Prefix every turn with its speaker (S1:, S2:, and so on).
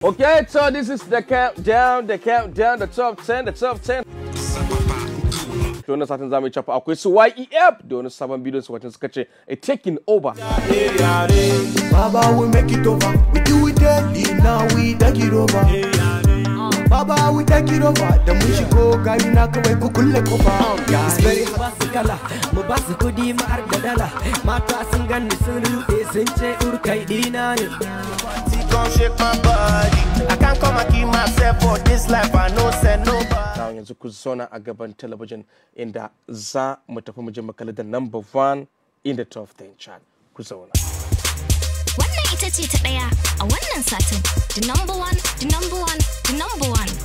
S1: Okay, so this is the countdown, the countdown, the top 10, the top 10. Don satin zamu chapa eh, taking over.
S2: Baba we make it over, we do it daily now we take it over. Baba we take it over, It's very hot kudi Mata eh, urkai
S3: myself for this life I no send yanzu ku zauna a gaban talabijin inda za mu tafi mu je makala da number one in the top 10 chart ku zauna wannan ita ce ta ɗaya a wannan satin the number one the number one the number one